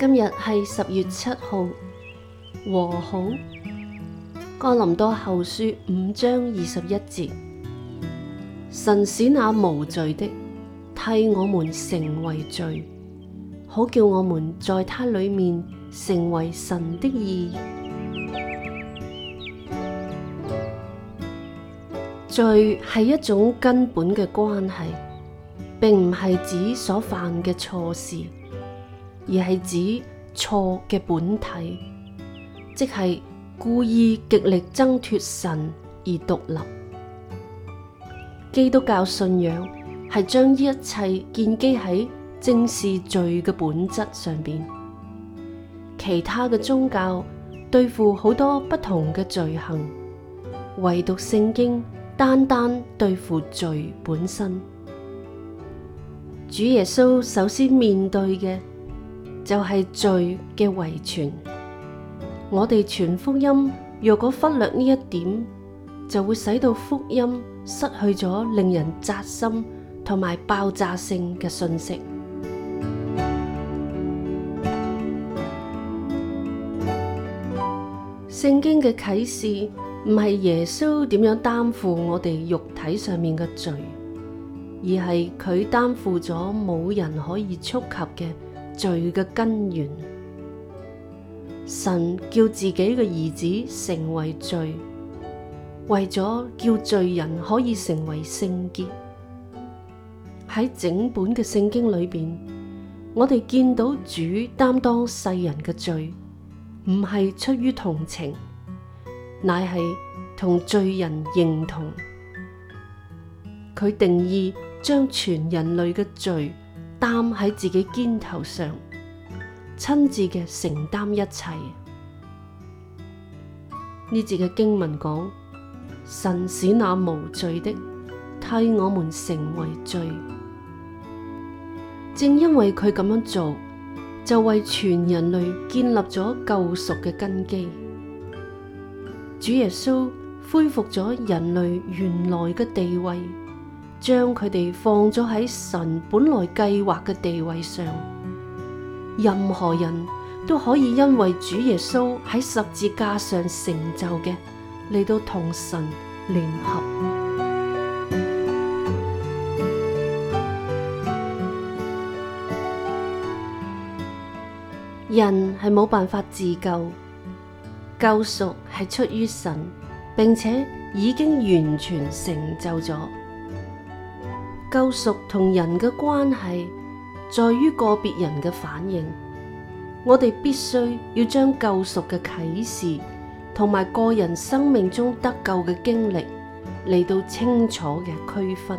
今日係十月七號，和好。哥林多後書五章二十一節，神使那無罪的替我們成為罪，好叫我們在他裏面成為神的義。罪係一種根本嘅關係，並唔係指所犯嘅錯事。而係指錯嘅本體，即係故意極力掙脫神而獨立。基督教信仰係將一切建基喺正視罪嘅本質上邊。其他嘅宗教對付好多不同嘅罪行，唯獨聖經單單對付罪本身。主耶穌首先面對嘅。就係罪嘅遺傳，我哋傳福音若果忽略呢一點，就會使到福音失去咗令人紮心同埋爆炸性嘅信息。聖經嘅啟示唔係耶穌點樣擔負我哋肉體上面嘅罪，而係佢擔負咗冇人可以觸及嘅。罪嘅根源，神叫自己嘅兒子成為罪，為咗叫罪人可以成為聖潔。喺整本嘅聖經裏邊，我哋見到主擔當世人嘅罪，唔係出於同情，乃係同罪人認同。佢定義將全人類嘅罪。擔喺自己肩頭上，親自嘅承擔一切。呢節嘅經文講，神使那無罪的，替我們成為罪。正因為佢咁樣做，就為全人類建立咗救贖嘅根基。主耶穌恢復咗人類原來嘅地位。將佢哋放咗喺神本來計劃嘅地位上，任何人都可以因為主耶穌喺十字架上成就嘅嚟到同神聯合。人係冇辦法自救，救贖係出於神，並且已經完全成就咗。救贖同人嘅關係在於個別人嘅反應，我哋必須要將救贖嘅啟示同埋個人生命中得救嘅經歷嚟到清楚嘅區分。